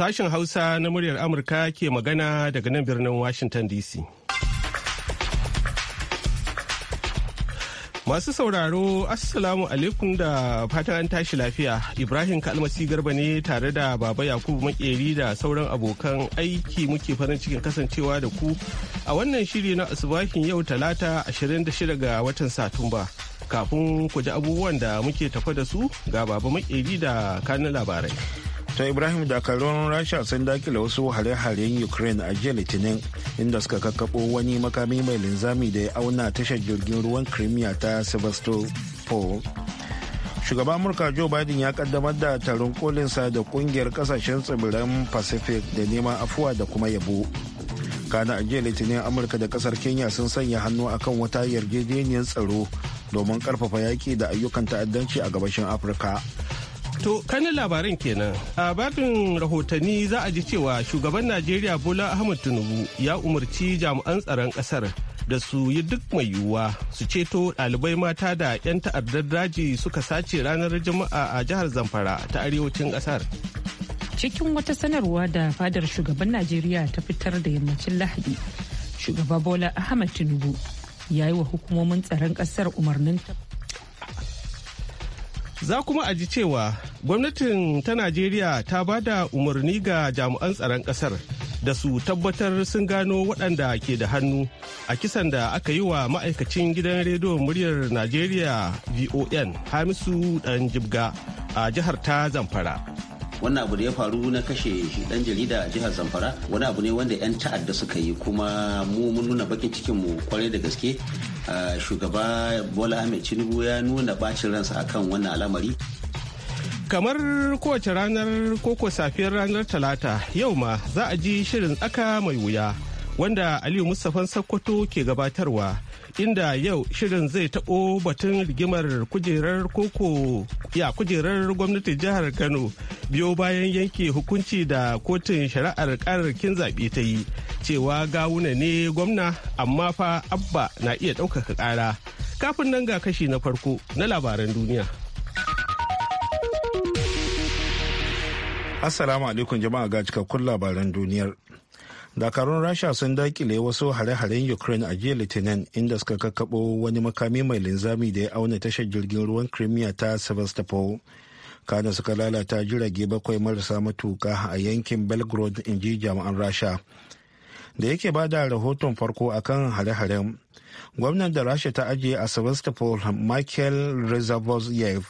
Sashen Hausa na muryar Amurka ke magana daga nan birnin Washington DC. Masu sauraro, Assalamu alaikum da fatan an tashi lafiya. Ibrahim Kalmasi Garba ne tare da Baba Yakubu Makeri da sauran abokan aiki muke farin cikin kasancewa da ku a wannan shiri na asubahin yau talata 26 ga watan Satumba. Kafin ku ji abubuwan da muke tafa da su ga Baba Makeri da kanin labarai. ta ibrahim dakarun rasha sun dakile wasu hare-haren ukraine a jiya litinin inda suka kakkaɓo wani makami mai linzami da ya auna tashar jirgin ruwan crimea ta sevastopol shugaban amurka joe biden ya kaddamar da taron kolinsa da kungiyar kasashen tsibiran pacific da neman afuwa da kuma yabo kana a jiya litinin amurka da kasar kenya sun sanya hannu akan wata yarjejeniyar tsaro domin karfafa yaki da ayyukan ta'addanci a gabashin afirka To kanin labaran kenan a babin rahotanni za a ji cewa shugaban Najeriya Bola Ahmad Tinubu ya umarci jami'an tsaron kasar da su yi duk mai yiwuwa su ceto ɗalibai mata da 'yan ta'addar daji suka sace ranar Juma'a a jihar Zamfara ta arewacin kasar. Cikin wata sanarwa da fadar shugaban Najeriya ta fitar da yammacin Lahadi, shugaba Bola Ahmad Tinubu ya yi wa hukumomin tsaron kasar umarnin Za kuma a ji cewa gwamnatin ta Najeriya ta ba da umarni ga jami'an tsaron kasar da su tabbatar sun gano waɗanda ke da hannu a kisan da aka yi wa ma'aikacin gidan rediyon muryar Najeriya VON Hamisu dan jibga a jihar ta Zamfara. wannan abu da ya faru na kashe shi dan jarida a jihar zamfara wani abu ne wanda 'yan ta'adda suka yi kuma mu mun nuna bakin cikin mu kwarai da gaske shugaba bola ahmed tinubu ya nuna bacin ransa akan wannan al'amari kamar kowace ranar koko safiyar ranar talata yau ma za a ji shirin tsaka mai wuya wanda Aliyu Mustapha Sakkwato ke gabatarwa inda yau shirin zai taɓo batun rigimar kujerar koko ya kujerar gwamnati jihar Kano biyo bayan yanke hukunci da kotun shari'ar kararrakin zaɓe ta yi cewa gawuna ne gwamna amma fa abba na iya ɗaukaka ƙara kafin nan ga kashi na farko na labaran duniya. Assalamu alaikum jama'a ga cikakkun labaran duniyar. dakarun rasha sun dakile wasu hare-haren ukraine a jiya litinin inda suka kakkaɓo wani makami mai linzami da ya auna tashar jirgin ruwan crimea ta sevastopol kana suka lalata jirage bakwai marasa matuka a yankin belgrade in ji jami'an rasha da yake ba da rahoton farko akan hare-haren gwamnan da rasha ta ajiye a sevastopol michael rezavoyev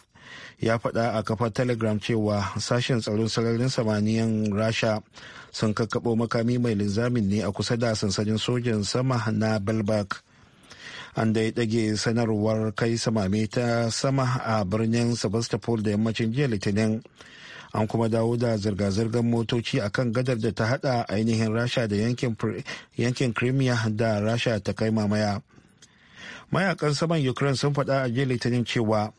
ya faɗa a kafar telegram cewa sashen tsaron sararin samaniyan rasha sun kakkaɓo makami mai linzamin ne a kusa da sansanin sojan sama na belbak an da ya ɗage sanarwar kai samame ta sama a birnin sebastopol da yammacin jiya litinin an kuma dawo da zirga-zirgar motoci a kan gadar da ta haɗa ainihin rasha da yankin crimea da rasha ta kai mamaya mayakan saman ukraine sun faɗa a jiya litinin cewa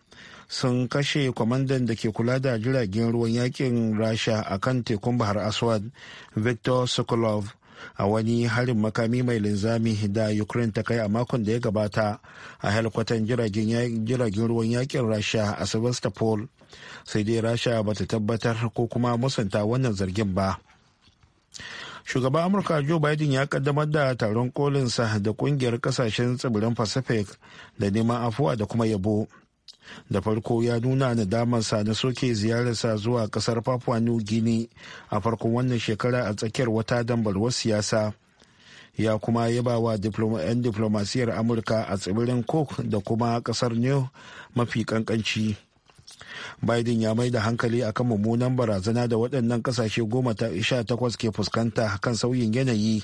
sun kashe kwamandan da ke kula da jiragen ruwan yakin rasha a kan tekun bahar aswad victor sokolov a wani harin makami mai linzami da ukraine ta kai a makon da ya gabata a helikwatan jiragen ruwan yakin rasha a sevastopol sai dai rasha ba ta tabbatar ko kuma musanta wannan zargin ba shugaban amurka joe biden ya kaddamar da taron kolinsa da kungiyar kasashen tsibirin pacific da neman afuwa da kuma yabo da farko ya nuna nadamarsa na soke ziyararsa zuwa kasar papua new guinea a farkon wannan shekara a tsakiyar wata dambarwar siyasa ya kuma yaba wa 'yan diplomasiyar amurka a tsibirin cook da kuma kasar new mafi kankanci biden ya mai da hankali akan mummunan barazana da waɗannan kasashe goma sha takwas ke fuskanta kan sauyin yanayi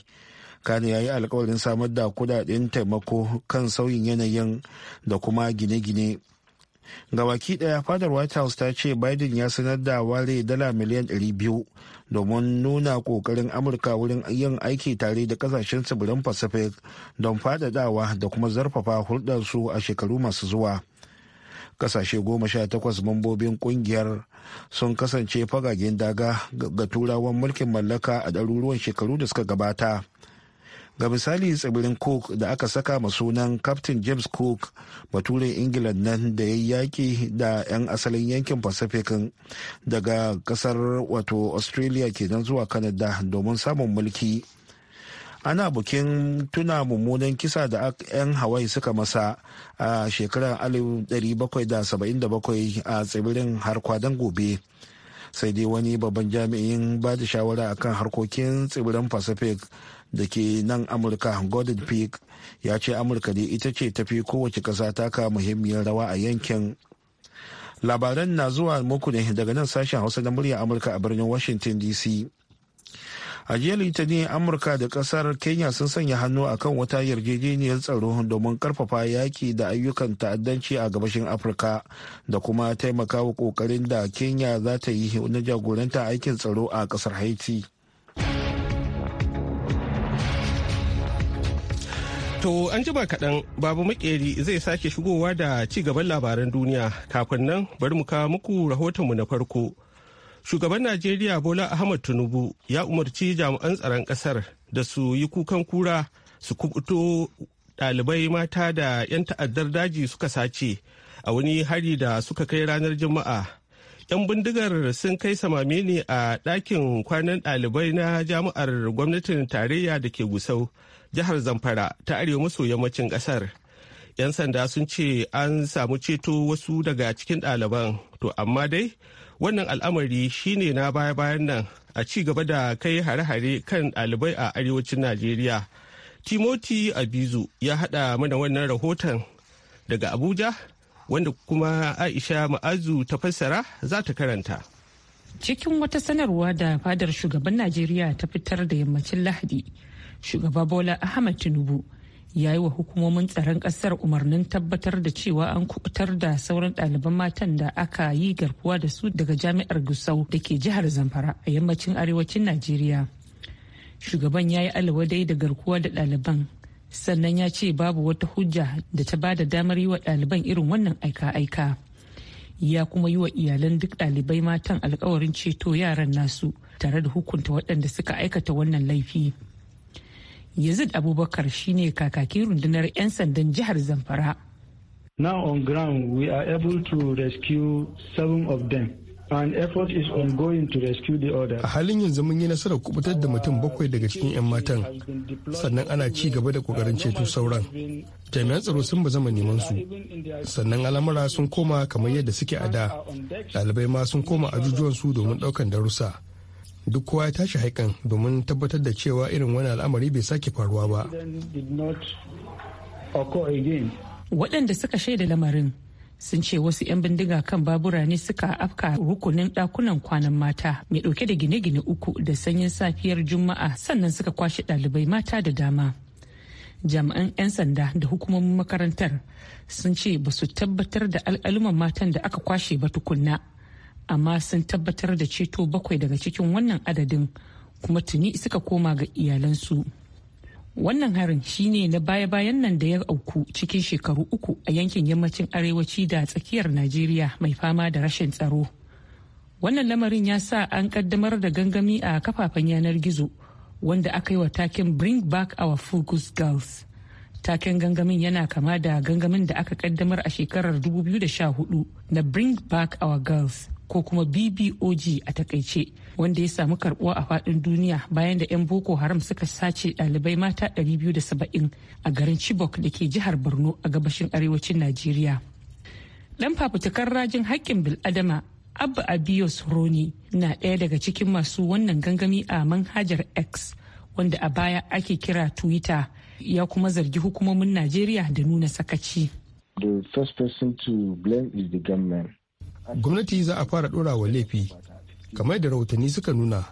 kane ya yi alkawarin samar da kudaden taimako kan sauyin yanayin da kuma gine-gine gabaki daya fadar white house ta ce biden ya sanar da ware dala miliyan 200 domin nuna kokarin amurka wurin yin aiki tare da kasashen tsibirin pacific don fadadawa da kuma zarfafa hulɗarsu a shekaru masu zuwa kasashe goma sha takwas mambobin kungiyar sun kasance fagagen daga ga turawan mulkin mallaka a ɗaruruwan shekaru da suka gabata ga misali tsibirin cook da aka saka ma sunan captain james cook baturen ingila nan da ya yaki da 'yan asalin yankin pacific daga kasar wato australia kenan zuwa canada domin samun mulki ana bukin tuna mummunan kisa da 'yan hawaii suka masa a shekarar 1777 a tsibirin harkwadon gobe sai dai wani babban jami'in ba da shawara akan harkokin tsibirin pacific da ke nan amurka gordon peak ya ce amurka ne ita ce tafi kowace ƙasa taka muhimmiyar rawa a yankin labaran na zuwa muku ne daga nan sashen hausa na murya amurka a birnin washington dc a jiya litinin amurka da kasar kenya sun sanya hannu akan wata yarjejeniyar tsaro domin karfafa yaki da ayyukan ta'addanci a gabashin afirka da kuma taimakawa kokarin da kenya za ta yi na jagoranta aikin tsaro a kasar haiti To an jima kaɗan babu makeri zai sake shigowa da ci gaban labaran duniya kafin nan bari mu kawo muku rahotonmu na farko. Shugaban Najeriya Bola Ahmad Tinubu ya umarci jami'an tsaron ƙasar da su yi kukan kura su kubuto ɗalibai mata da 'yan ta'addar daji suka sace a wani hari da suka kai ranar Juma'a. 'Yan bindigar sun kai samame ne a ɗakin kwanan ɗalibai na jami'ar gwamnatin tarayya da ke Gusau. jihar zamfara ta arewa maso yammacin kasar 'yan sanda sun ce an samu ceto wasu daga cikin ɗaliban to amma dai wannan al'amari shine na baya-bayan nan a ci gaba da kai hare-hare kan ɗalibai a arewacin najeriya timoti abizu ya haɗa mana wannan rahoton daga abuja wanda kuma aisha ma'azu ta fassara za ta karanta cikin wata sanarwa da fadar shugaban najeriya ta fitar da yammacin lahadi shugaba bola ahmad tinubu ya yi wa hukumomin tsaron kasar umarnin tabbatar da cewa an kubutar da sauran ɗaliban matan da aka yi garkuwa da su daga jami'ar gusau da ke jihar zamfara a yammacin arewacin najeriya shugaban ya yi alwadai da garkuwa da ɗaliban sannan ya ce babu wata hujja da ta ba da damar yi wa ɗaliban irin wannan aika-aika ya kuma yi wa iyalan duk ɗalibai matan alkawarin ceto yaran nasu tare da hukunta waɗanda suka aikata wannan laifi yazid abubakar shine kakakin rundunar 'yan sandan jihar zamfara now on ground we are able to rescue seven of them An effort is ongoing to rescue the others. A halin yanzu mun yi nasarar kubutar da mutum bakwai daga cikin 'yan matan, sannan ana ci gaba da kokarin ceto sauran. Jami'an tsaro sun ba zama neman su, sannan al'amura sun koma kamar yadda suke a da, ɗalibai ma sun koma ajujuwan su domin ɗaukan darussa. duk kowa ya tashi haikan domin tabbatar da cewa irin wani al'amari bai sake faruwa ba waɗanda suka shaida lamarin sun ce wasu 'yan bindiga kan babura ne suka afka rukunin ɗakunan kwanan mata mai ɗauke da gine-gine uku da sanyin safiyar juma'a sannan suka kwashe ɗalibai mata da dama jami'an 'yan sanda da hukumomin makarantar sun ce ba su tabbatar da al'aluman matan da aka kwashe ba tukunna amma sun tabbatar da ceto bakwai daga cikin wannan adadin kuma tuni suka koma ga iyalansu wannan harin shine na baya-bayan nan da ya auku cikin shekaru uku a yankin yammacin arewaci da tsakiyar najeriya mai fama da rashin tsaro wannan lamarin ya sa an kaddamar da gangami a kafafen yanar gizo wanda aka yi wa taken bring back our focus girls taken gangamin yana kama da gangamin da aka kaddamar a shekarar 2014 na bring back our girls ko kuma BBOG a takaice wanda ya samu karbuwa a fadin duniya bayan da 'yan Boko Haram suka sace dalibai mata 270 a garin Chibok da ke jihar Borno a gabashin arewacin Najeriya. dan fafutukar rajin haƙƙin bil'adama Abba Abiyos Roni na ɗaya daga cikin masu wannan gangami a manhajar X wanda a baya ake kira Twitter ya kuma zargi hukumomin Najeriya da nuna sakaci. The first person to blame is the government. gwamnati za a fara ɗorawa laifi kamar da rahotanni suka nuna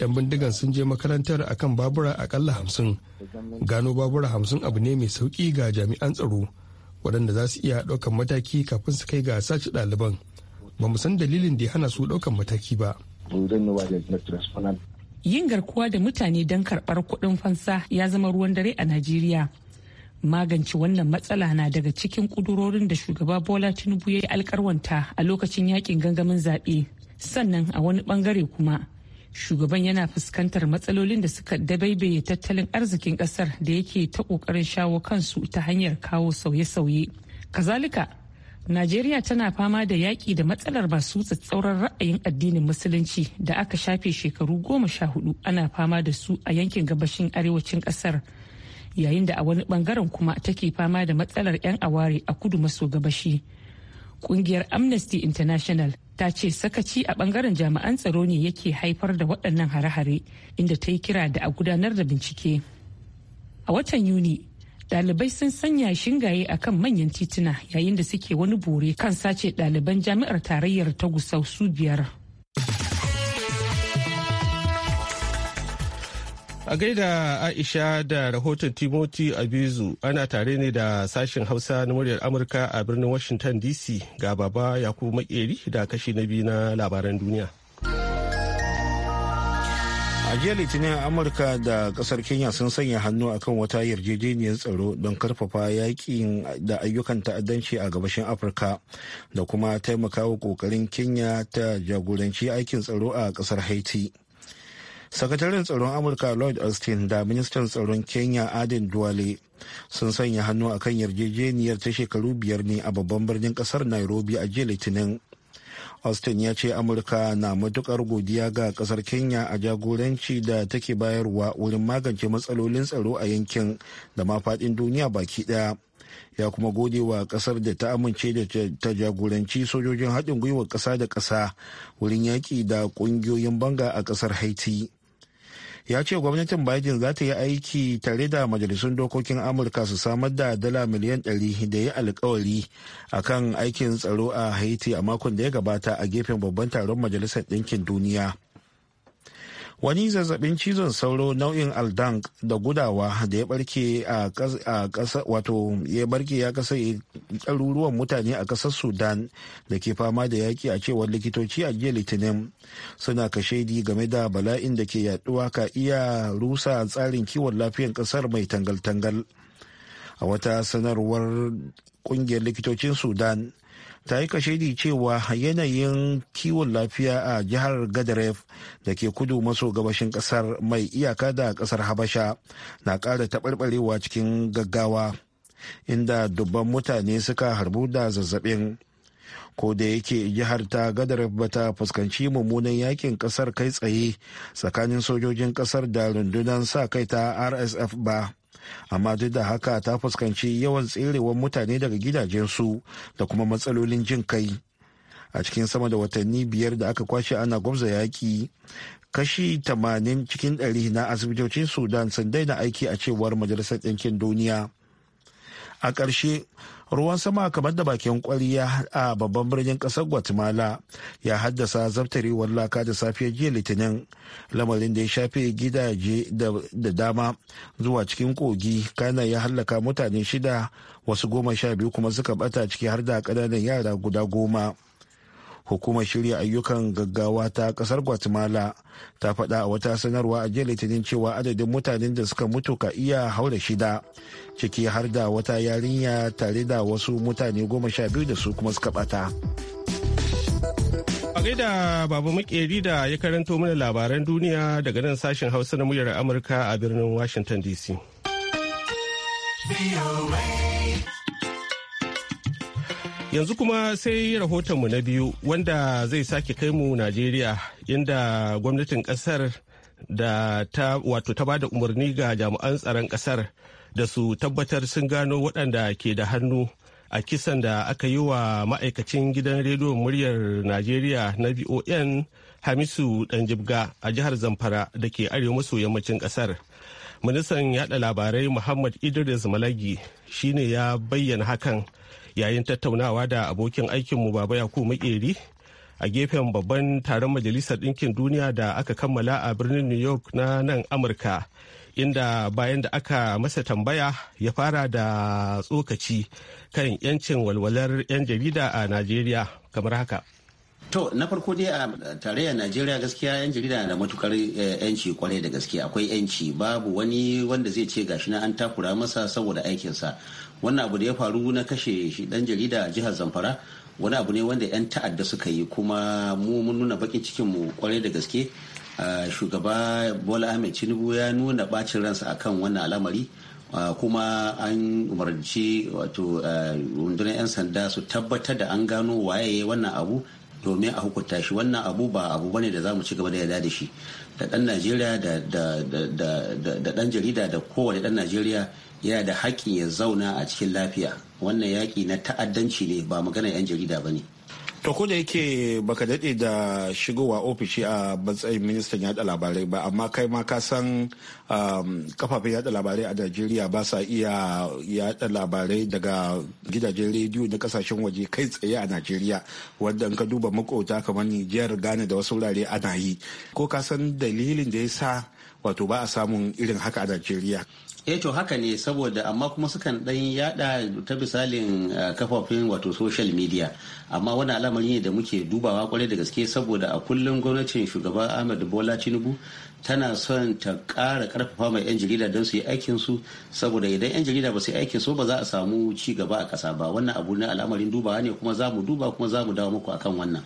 yan bindigan sun je makarantar a kan babura akalla hamsin gano babura hamsin abu ne mai sauki ga jami'an tsaro waɗanda za su iya ɗaukan mataki kafin su kai ga sace ɗaliban ba mu san dalilin da ya hana su ɗaukan mataki ba yin garkuwa da mutane don karɓar kuɗin fansa ya zama ruwan dare a najeriya magance wannan matsala na daga cikin kudurorin da shugaba bola tinubu ya yi alkarwanta a lokacin yakin gangamin zaɓe sannan a wani bangare kuma shugaban yana fuskantar matsalolin da suka dabaibaye tattalin arzikin ƙasar da yake ta ƙoƙarin shawo kansu ta hanyar kawo sauye-sauye kazalika najeriya tana fama da yaƙi da matsalar masu tsatsauran ra'ayin addinin musulunci da aka shafe shekaru goma sha hudu ana fama da su a yankin gabashin arewacin ƙasar. yayin da a wani bangaren kuma take fama da matsalar 'yan aware a kudu maso gabashi kungiyar amnesty international ta ce sakaci a bangaren jami'an tsaro ne yake haifar da waɗannan hare-hare inda ta yi kira da a gudanar da bincike a watan yuni dalibai sun sanya shingaye a kan manyan tituna yayin da suke wani bore kan sace ɗaliban jami'ar tarayyar ta gusau su biyar A gaida Aisha da rahoton Timothy Abizu ana tare ne da sashen Hausa na muryar Amurka a birnin Washington DC ga baba Yakubu Makeri da kashi na biyu na labaran duniya. A jiya Litinin Amurka da kasar Kenya sun sanya hannu akan wata yarjejeniyar tsaro don karfafa yakin da ayyukan ta'addanci a gabashin Afirka da kuma taimakawa kokarin Kenya ta jagoranci aikin tsaro a kasar Haiti. sakataren tsaron amurka lloyd austin da ministan tsaron kenya adin duwale sun sanya hannu akan yarjejeniyar ta shekaru biyar ne a babban birnin kasar nairobi a jiya litinin austin ya ce amurka na matukar godiya ga kasar kenya a jagoranci da take bayarwa wurin magance matsalolin tsaro a yankin da ma faɗin duniya baki ɗaya ya kuma gode wa kasar da ta amince da ta jagoranci sojojin haɗin gwiwar ƙasa da ƙasa wurin yaƙi da ƙungiyoyin banga a ƙasar haiti ya ce gwamnatin biden za ta yi aiki tare da majalisun dokokin amurka su samar da dala miliyan 100 da ya alkawari kan aikin tsaro a haiti a makon da ya gabata a gefen babban taron majalisar ɗinkin duniya wani zazzabin cizon sauro nau'in aldank da gudawa da ya barke a ƙasa wato ya barke ya kasa ɗaruruwan mutane a ƙasar sudan da ke fama da yaƙi a cewar likitoci a jiya litinin suna kashedi game da bala'in da ke yaduwa ka iya rusa tsarin kiwon lafiyan ƙasar mai tangal-tangal a wata sanarwar ƙungiyar likitocin sudan ta yi kashedi cewa yanayin kiwon lafiya a jihar gadaref da ke kudu maso gabashin kasar mai iyaka da kasar habasha na ƙara taɓarɓarewa cikin gaggawa inda dubban mutane suka harbu da zazzabin ko da yake jihar ta gadaref bata fuskanci mummunan yakin kasar kai tsaye tsakanin sojojin kasar da rundunar sa kai ta rsf ba amma duk da haka ta fuskanci yawan tserewar mutane daga gidajensu da kuma matsalolin jin kai a cikin sama da watanni biyar da aka kwashe ana gwamza yaƙi kashi tamanin cikin 100 na asibitocin sudan sun daina aiki a cewar majalisar ɗinkin duniya a ƙarshe ruwan sama kamar da bakin kwariya a babban birnin kasar guatemala ya haddasa zaftarewar laka da safiyar jiya litinin lamarin da ya shafe gidaje da dama zuwa cikin kogi kana ya hallaka mutane shida wasu goma sha biyu kuma suka bata ciki har da ƙananan yara guda goma hukumar shirya ayyukan gaggawa ta kasar guatemala ta faɗa a wata sanarwa a jiya litinin cewa adadin mutanen da suka mutu ka iya haura shida ciki har da wata yarinya tare da wasu mutane goma sha biyu da su kuma suka bata. a gaida babu makeri da ya karanto mana labaran duniya daga nan sashen hausa na muryar amurka a birnin washington dc. Yanzu kuma sai rahotonmu na biyu wanda zai sake kai mu Najeriya inda gwamnatin kasar da ta wato ta bada umarni ga jami'an tsaron kasar da su tabbatar sun gano waɗanda ke da hannu a kisan da aka yi wa ma'aikacin gidan rediyon muryar Najeriya na bon Hamisu Danjibga a jihar Zamfara da ke arewa maso yammacin kasar. Ministan yada labarai Muhammad Idris Malagi shine ya bayyana hakan. yayin tattaunawa da abokin aikinmu baba yaku makeri a gefen babban taron majalisar ɗinkin duniya da aka kammala a birnin new york na nan amurka inda bayan da aka masa tambaya ya fara da tsokaci kan 'yancin walwalar 'yan jarida a najeriya kamar haka To na farko dai a tarayyar Najeriya gaskiya 'yan jarida na da matukar eh, 'yanci kwarai da gaskiya akwai 'yanci babu wani wanda zai ce gashi na an takura masa saboda aikinsa wannan abu da ya faru na kashe shi dan jarida a jihar zamfara wani abu ne wanda 'yan ta'adda suka yi kuma mu mun nuna bakin cikin mu kwarai da gaske shugaba bola ahmed tinubu ya nuna bacin ransa akan wannan al'amari kuma an umarci wato rundunar 'yan sanda su tabbatar da an gano waye wannan abu domin a hukunta shi wannan abu ba abu bane da za mu ci gaba da yada da shi da dan najeriya da dan jarida da kowane dan najeriya yana da haƙƙin ya zauna a cikin lafiya wannan yaƙi na ta'addanci ne ba magana 'yan jarida ba ne to ko da yake baka daɗe da shigowa ofishi a matsayin ministan yada labarai ba amma kai ma ka san um, kafafen yada labarai a najeriya ba sa iya yada labarai daga gidajen rediyo na kasashen waje kai tsaye a najeriya wanda ka duba makota kamar nijar ghana da wasu wurare ana yi ko ka san dalilin da ya sa wato ba a samun irin haka a najeriya eh to haka ne saboda amma kuma sukan dan yada ta misalin eh, kafofin wato social media amma wani al'amari ne da muke dubawa kwarai da gaske saboda a kullum gwamnatin shugaba ahmed bola tinubu tana son ta kara karfafa mai 'yan jarida don su yi aikin su saboda idan 'yan jarida ba su yi aikin su ba za a samu ci gaba a kasa ba wannan abu na al'amarin dubawa ne kuma za mu duba kuma za mu dawo muku akan wannan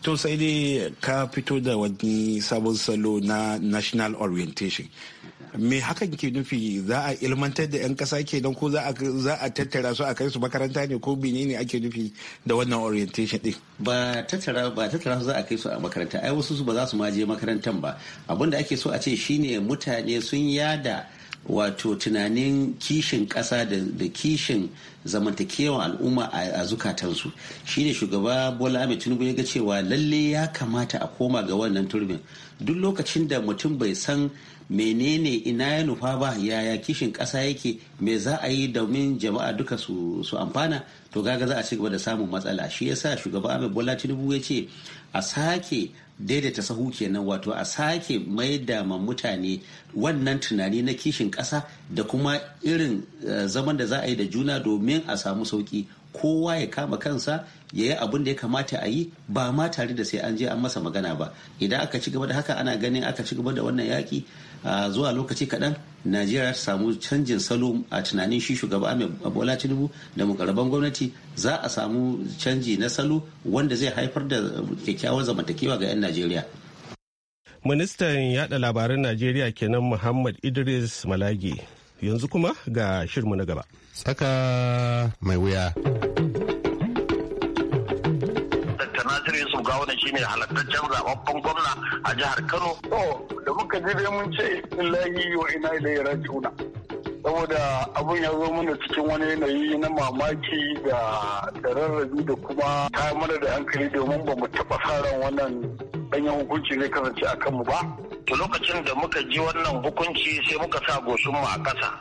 to sai dai ka fito da wani sabon salo na national orientation me hakan ke nufi za a ilmantar da 'yan kasa don ko za a tattara su a kai su makaranta ne ko ne ake nufi da wannan orientation din ba tattara ba tattara su za a kai su a makaranta ai wasu su ba za su ma je makarantan ba abin da ake so a ce shine mutane sun yada wato tunanin kishin ƙasa da kishin zamantakewa al'umma a zukatansu shine shugaba bola ahmed tinubu ya ga cewa lalle ya kamata a koma ga wannan turbin duk lokacin da mutum bai san menene ina ya nufa ba yaya kishin ƙasa yake me za a yi domin jama'a duka su amfana to gaga za a ci gaba da samun matsala shi yasa shugaba Ahmed Bola Tinubu ya ce a sake daidaita sahu kenan wato a sake maida ma mutane wannan tunani na kishin ƙasa da kuma irin eh, zaman da za a yi da juna domin a samu sauki kowa ya kama kansa ya yi abin da ya kamata a yi ba ma tare da sai an je an masa magana ba idan aka ci gaba da haka ana ganin aka ci gaba da wannan yaki zuwa lokaci kaɗan najeriya ta samu canjin salo a tunanin shi shugaba mai bola tinubu da mukarraban gwamnati za a samu canji na salo wanda zai haifar da kyakkyawar zamantakewa ga 'yan najeriya ministan yada labaran najeriya kenan muhammad idris malagi yanzu kuma ga shirmu na gaba. Saka mai wuya. Nasiru Yusuf Gawuna shine halattaccen zababbin gwamna a jihar Kano. To da muka ji dai mun ce illahi wa ina ilaihi raji'una. Saboda abun ya zo mana cikin wani yanayi na mamaki da rarrabi da kuma ta mana da hankali domin ba mu taɓa sa ran wannan ɗanyen hukunci zai kasance a kanmu ba. to lokacin da muka ji wannan hukunci sai muka sa goshinmu a ƙasa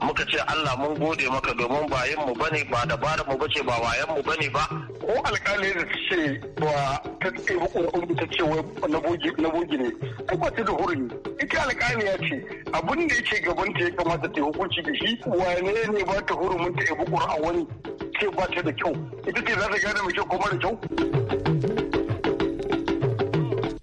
muka ce Allah mun gode maka domin bayan mu bane ba dabara mu bace ba wayan mu bane ba ko alƙali da ce ba ta ɗebi ƙurƙun ta ce na bogi na bogi ne ko ba ta da hurumi ita alƙali ya ce abin da yake gaban ta ya kamata ta hukunci da shi wane ne ba ta hurumin ta ɗebi a wani ce ba ta da kyau ita ce za ta gane mu kyau kuma da kyau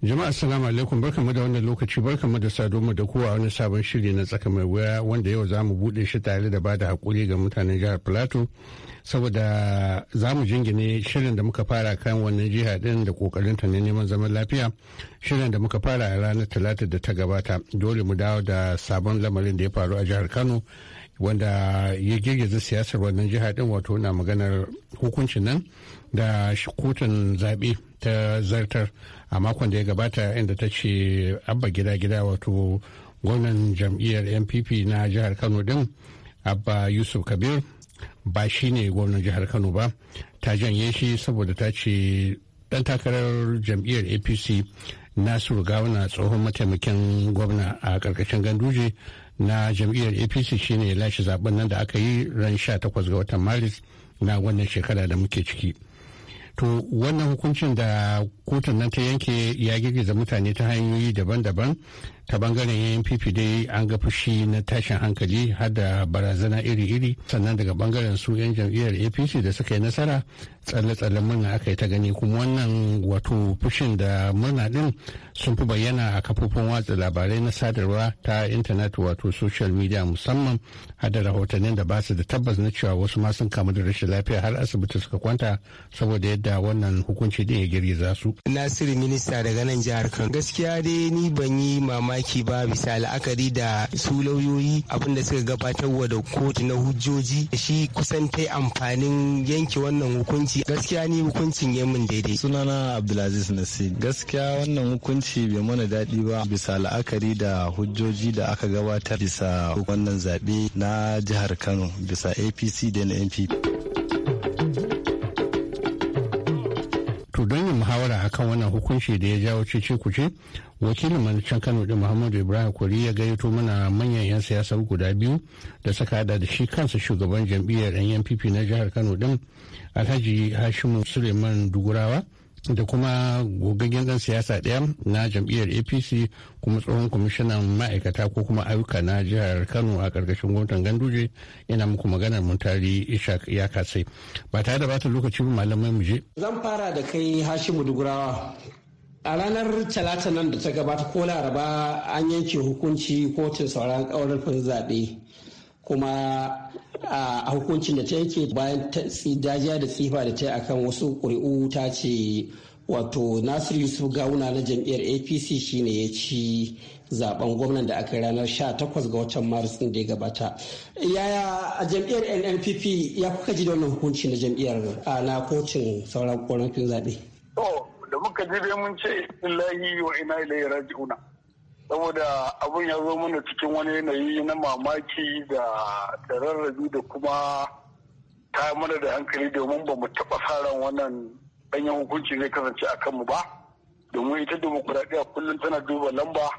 Jama'a assalamu alaikum barkamu da wannan lokaci barkamu da saduwa da kowa wani sabon shiri na tsaka mai wuya wanda yau za mu bude shi tare da bada hakuri ga mutanen jihar Plateau saboda za mu jingine shirin da muka fara kan wannan jiha din da kokarin ta ne neman zaman lafiya shirin da muka fara a ranar talata da ta gabata dole mu dawo da sabon lamarin da ya faru a jihar Kano wanda ya girgiza siyasar wannan jiha din wato na maganar hukuncin nan da kotun zaɓe ta zartar a makon da ya gabata inda ta ce abba gida gida wato gwamnan jam'iyyar npp na jihar kano din abba yusuf kabir ba shi ne gwamnan jihar kano ba ta janye shi saboda ta ce dan takarar jam'iyyar apc nasiru gawuna tsohon mataimakin gwamna a karkashin ganduje na jam'iyyar apc shine ya lashe zaben nan da aka yi ran 18 ga watan maris na wannan shekara da muke ciki to wannan hukuncin da kotun nan ta yanke ya girgiza mutane ta hanyoyi daban-daban ta bangaren NPP dai an ga fushi na tashin hankali har da barazana iri-iri sannan daga bangaren su 'yan jam'iyyar APC da suka yi nasara tsalle-tsallen murna aka yi ta gani kuma wannan wato fushin da murna din sun fi bayyana a kafofin watsa labarai na sadarwa ta intanet wato social media musamman har da rahotannin da ba su da tabbas na cewa wasu ma sun kamu da rashin lafiya har asibiti suka kwanta saboda yadda wannan hukunci din ya girgiza su. Nasiru minista daga nan jihar Kano. Gaskiya dai ni ban yi mamaki mamaki ba bisa la'akari da su lauyoyi abin da suka wa da kotu na hujjoji shi kusan ta amfanin yanke wannan hukunci gaskiya ni hukuncin ya min daidai sunana abdulaziz nasir gaskiya wannan hukunci bai mana daɗi ba bisa la'akari da hujjoji da aka gabatar bisa wannan zaɓe na jihar kano bisa apc da na npp muhawara akan wannan hukunci da ya jawo cece kuce wakilin mancan kano din muhammadu ibrahim kori ya gayyato mana manyan 'yan siyasa guda biyu da saka hada da shi kansa shugaban jam'iyyar 'yan na jihar kano din alhaji hashimu suleiman dugurawa da kuma gogaggen dan siyasa ɗaya na jam'iyyar apc kuma tsohon kwamishinan ma'aikata ko kuma ayyuka na jihar kano a ƙarƙashin gwamnatin ganduje ina muku maganar muntari ishak ya kasai ba tare da bata lokaci ba malamai mu je. zan fara da kai hashimu dugurawa a ranar talata nan da ta gabata ko laraba an yanke hukunci kotun sauran ƙaurar zaɓe kuma a hukuncin da ta yake bayan dajiya da tsifa da ta yi akan wasu ƙuri'u ta ce wato nasiru yusuf gawuna na jam'iyyar apc shine ya ci zaben gwamnan da aka ranar 18 ga watan maris da ya gabata yaya a jam'iyyar nnpp ya kuka ji da wannan hukunci na jam'iyyar na kocin sauran ƙorafin zaɓe to da muka ji dai mun ce illahi wa ina ilaihi raji'una saboda abin ya zo mana cikin wani yanayi na mamaki da rarrabi da kuma ta mana da hankali domin ba mu taɓa faran wannan ɗanyen hukunci zai kasance a kanmu ba domin ita demokuraɗiyya kullum tana duba lamba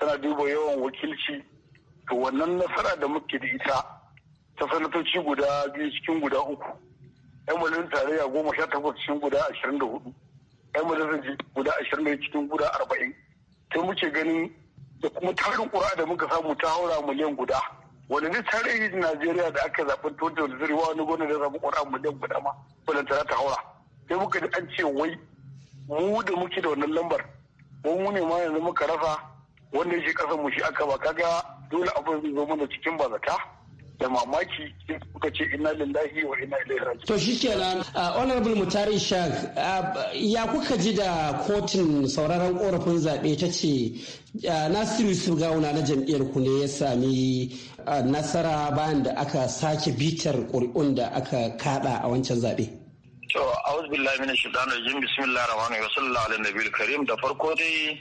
tana duba yawan wakilci to wannan nasara da muke da ita ta sanatoci guda biyu cikin guda uku yan majalisar tarayya goma sha takwas cikin guda ashirin da hudu yan majalisar guda ashirin da cikin guda arba'in sai muke ganin da kuma tarin ƙura da muka samu ta haura miliyan guda wani ne tarihin najeriya da aka zaɓi da zirwa wani gona da zaɓi ƙura miliyan guda ma balantana ta haura sai muka ji an ce wai mu da muke da wannan lambar mun ne ma yanzu muka rasa wanda shi ƙasar mu shi aka ba kaga dole abin zai zo mana cikin bazata da mamaki suka ce inna lillahi wa inna ilaihi raji'un to shikenan uh, honorable mutari shak uh, ya kuka ji da kotun sauraron korafin zaɓe ta ce uh, nasiru surgauna na jam'iyyar ku ne ya sami nasara bayan da aka sake bitar ƙuri'un da aka kaɗa a wancan zaɓe. to a'udhu billahi minash shaitanir rajim bismillahir rahmanir rahim da farko dai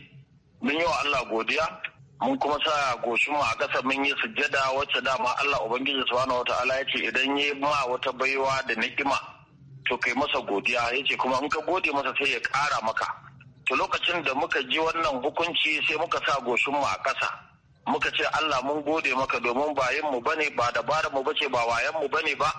mun yi wa Allah godiya mun kuma sa goshin mu a ƙasa mun yi sujjada wacce dama Allah ubangiji subhanahu wataala ya ce idan ya ma wata baiwa da ni'ima to kai masa godiya yace kuma in ka gode masa sai ya ƙara maka to lokacin da muka ji wannan hukunci sai muka sa goshin mu a ƙasa muka ce Allah mun gode maka domin ba yin mu bane ba dabarar mu bace ba wayan mu bane ba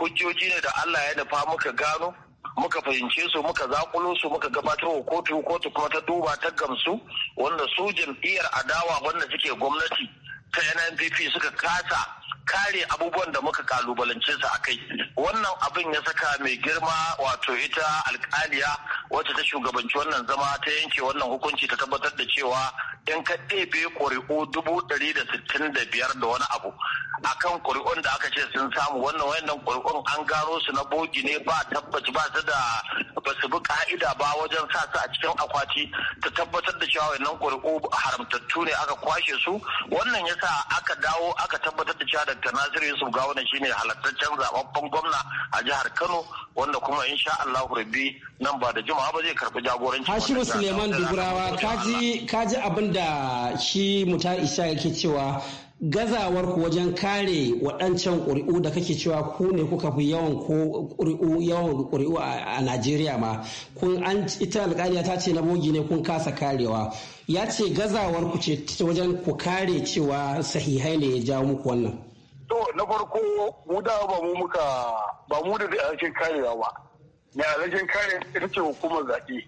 hujjoji ne da Allah ya nufa muka gano muka fahimce su muka zakulo su muka gabatar wa kotu kotu kuma ta duba ta gamsu wanda su jam'iyyar adawa wanda suke gwamnati ta NNPP suka kasa kare abubuwan da muka kalubalance su a kai wannan abin ya saka mai girma wato ita alkaliya wacce ta shugabanci wannan zama ta yanke wannan hukunci ta tabbatar da cewa in ka ɗebe ƙuri'u dubu ɗari da sittin da biyar da wani abu a kan kuri'un da aka ce sun samu wannan wannan kuri'un an gano su na bogi ne ba tabbaci ba su da ba su bi ka'ida ba wajen sa su a cikin akwati ta tabbatar da cewa wannan kuri'u haramtattu ne aka kwashe su wannan yasa aka dawo aka tabbatar da cewa Dr. Nasiru Yusuf Gawuna shine halartaccen zababben gwamna a jihar Kano wanda kuma insha Allah rabbi nan ba da juma'a ba zai karbi jagoranci Hashimu Suleiman Dugurawa kaji kaji abin da shi mutar isa yake cewa gazawar ku wajen kare waɗancan ƙuri'u da kake cewa ku ne kuka fi yawan ƙuri'u yawan ƙuri'u a Najeriya ma kun an ita alƙaliya ta ce na bogi ne kun kasa karewa ya ce gazawar ku ce wajen ku kare cewa sahihai ne ya jawo muku wannan to na farko mu da ba mu muka ba mu da alhakin karewa ba mai alhakin kare ita ce hukumar zaɓe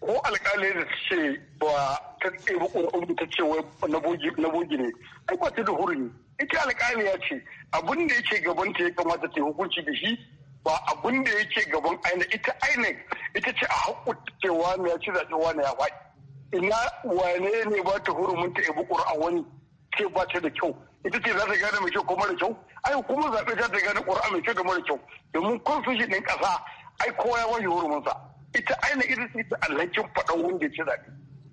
ko alƙali da ce ba ta ɗebi ƙunƙun ta ce wai na bogi ne ai ba ta da hurumi ita alƙali ya ce abin da yake gaban ta ya kamata ta hukunci da shi ba abin da yake gaban aina ita aina ita ce a hakuta cewa ne ya ci zaɓe wani ya faɗi ina wane ne ba ta hurumin ta ɗebi ƙur'an wani ce ba ta da kyau ita ce za ta gane mai kyau ko mara kyau ai kuma zaɓe za ta gane ƙur'an mai kyau da mara kyau domin kwanfishin ɗin ƙasa ai kowa ya wani huruminsa. ita aina irin ita alhakin faɗan wanda ya ce zaɓe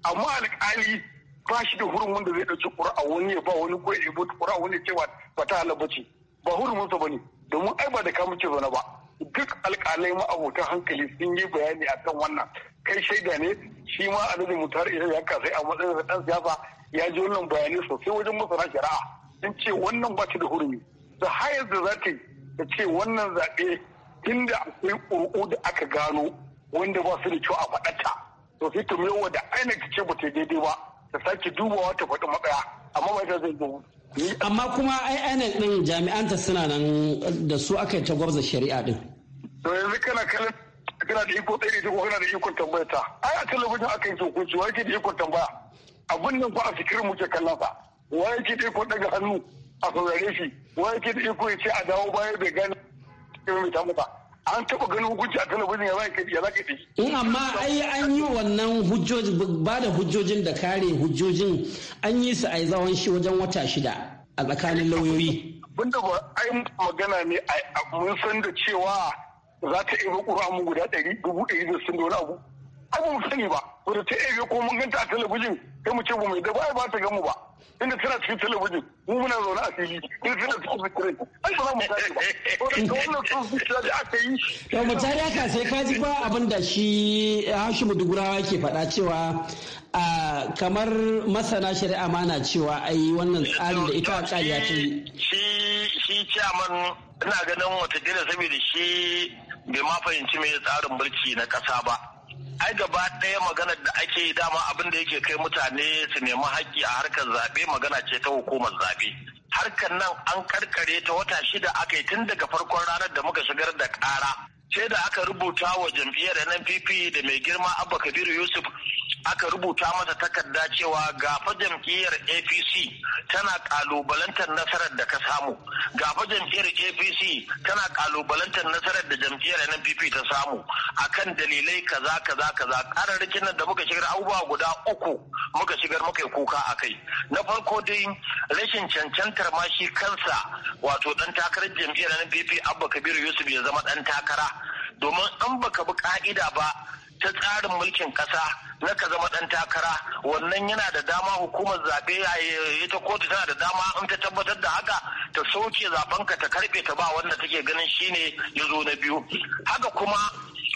amma alƙali ba shi da hurumin da zai ɗauki ƙura'a wani ya ba wani ko ya ɗebo ƙura'a wani cewa ba ta halabba ce ba huruminsa ba ne domin ai ba da kamun ce zaune ba duk alƙalai ma'abotan hankali sun yi bayani akan wannan kai shaida ne shi ma a mu tare idan ya kasai a matsayin ɗan siyasa ya ji wannan bayani sosai wajen masana shari'a in ce wannan ba ta da hurumi da hayar da za ta yi ta ce wannan zaɓe inda akwai ƙurƙu da aka gano wanda ba su da kyau a faɗata to sai ta miyowa da ainihin ce ba ta daidai ba ta sake dubawa ta faɗi matsaya amma ba ta zai zo. amma kuma ai ainihin ɗin jami'anta suna nan da su aka yi ta gwabza shari'a ɗin. to yanzu kana kallon kana da iko ɗaya da kana da ikon tambaya ta ai a talabijin aka yi hukunci wa yake da ikon tambaya abin nan ko a fikirin muke kallon sa wa yake da ikon ɗaga hannu a saurare shi wa yake da iko ya ce a dawo baya bai gane ta mutu an taɓa ganin hukunci a talabijin ya za ka ya za ka in eh, amma ai an yi wannan hujjoji ba da hujjojin da kare hujjojin an yi su a zawon shi wajen wata shida a tsakanin lauyoyi. Bunda ba ai magana ne a mun san da cewa za ta iya ƙura mu guda ɗari dubu ɗari da sun da abu. ai ba mu sani ba wadda ta ebe ko mun ganta a talabijin sai mu ce ba mu da ba ba ta gamu ba inda tana cikin talabijin mu muna zaune a fili inda tana cikin fikirai ai ba za mu tashi ba wadda wannan sun zuciya da aka yi. to mu tsari haka sai ka ji ba abin da shi hashimu dugurawa ke faɗa cewa a kamar masana shari'a mana cewa ai wannan tsarin da ita a ya ce. shi ciyaman ina ganin wata saboda shi bai ma fahimci mai tsarin mulki na ƙasa ba. ai gaba ɗaya maganar da ake yi dama abin da yake kai mutane su nemi haƙƙi a harkar zaɓe magana ce ta hukumar zaɓe. harkar nan an karkare ta wata shida aka yi tun daga farkon ranar da muka shigar da ƙara sai da aka rubuta wa jam'iyyar NPP da mai girma Abba Kabiru Yusuf aka rubuta masa takarda cewa gafa jam'iyyar apc tana kalubalantar nasarar da ka samu gafa jam'iyyar apc tana kalubalantar nasarar da jam'iyyar npp ta samu akan dalilai kaza kaza kaza kararrakin nan da muka shigar abubuwa guda uku muka shigar muka yi kuka a kai na farko dai rashin cancantar ma shi kansa wato dan takarar jam'iyyar npp abba kabiru yusuf ya zama dan takara domin an baka bi ka'ida ba ta tsarin mulkin kasa na ka zama dan takara wannan yana da dama hukumar zaɓe ta kotu tana da dama in ta tabbatar da haka ta soke zaben ka ta karfe ta ba wanda take ganin shine ya zo na biyu haka kuma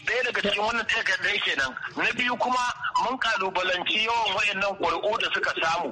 ɗaya daga cikin wannan takardar kenan na biyu kuma mun kalubalanci yawan wayannan ƙuri'u da suka samu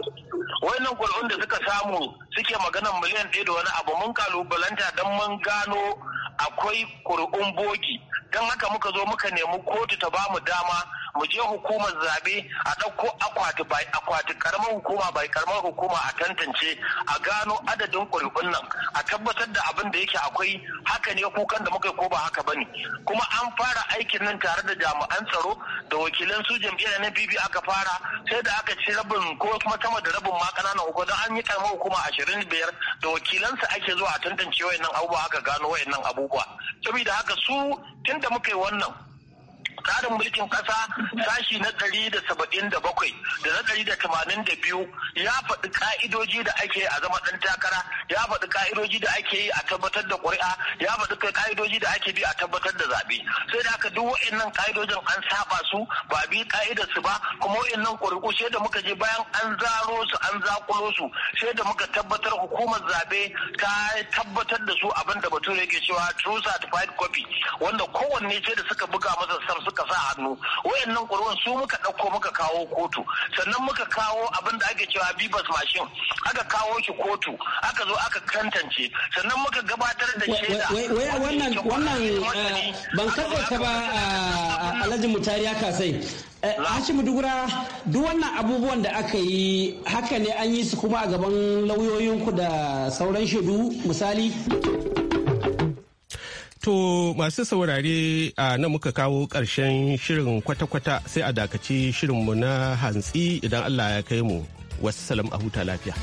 wayannan ƙuri'un da suka samu suke maganan miliyan ɗaya da wani abu mun kalubalanta dan mun gano akwai ƙuri'un bogi don haka muka zo muka nemi kotu ta bamu dama mu je hukumar zabe a ɗauko akwati bai akwati karamar hukuma bai karamar hukuma a tantance a gano adadin ƙuri'un nan a tabbatar da abin da yake akwai haka ne kukan da muka ko ba haka bane kuma an fara aikin nan tare da jami'an tsaro da wakilan su jam'iyyar na bibi aka fara sai da aka ci rabin ko kuma sama da rabin ma ƙananan hukuma an yi karamar hukuma ashirin biyar da wakilansa ake zuwa a tantance wayannan abubuwa aka gano wayannan abubuwa saboda haka su tunda muka yi wannan tsarin mulkin ƙasa sashi na ɗari da saba'in da bakwai da na ɗari da tamanin da biyu ya faɗi ka'idoji da ake a zama ɗan takara ya faɗi ka'idoji da ake yi a tabbatar da ƙuri'a ya faɗi ka'idoji da ake bi a tabbatar da zaɓe sai da haka duk wa'annan ka'idojin an saba su ba bi ka'idar su ba kuma wa'annan ƙuri'u sai da muka je bayan an zaro su an zakulo su sai da muka tabbatar hukumar zaɓe ta tabbatar da su abin da bature yake cewa true certified copy wanda kowanne ce da suka buga masa sam muka sa hannu wayannan kurwan su muka ɗauko muka kawo kotu sannan muka kawo abin da ake cewa bibas mashin aka kawo shi kotu aka zo aka kantance sannan muka gabatar da shaida wannan wannan eh, ban kasance ba eh, alhaji mutari haka sai eh, Hashimu Dugura duk wannan abubuwan da aka yi haka ne an yi su kuma a gaban lauyoyinku da sauran shaidu misali. To masu saurare a nan muka kawo ƙarshen shirin kwata-kwata sai a dakaci shirinmu na hantsi idan Allah ya kai mu. Wasu salam a huta lafiya.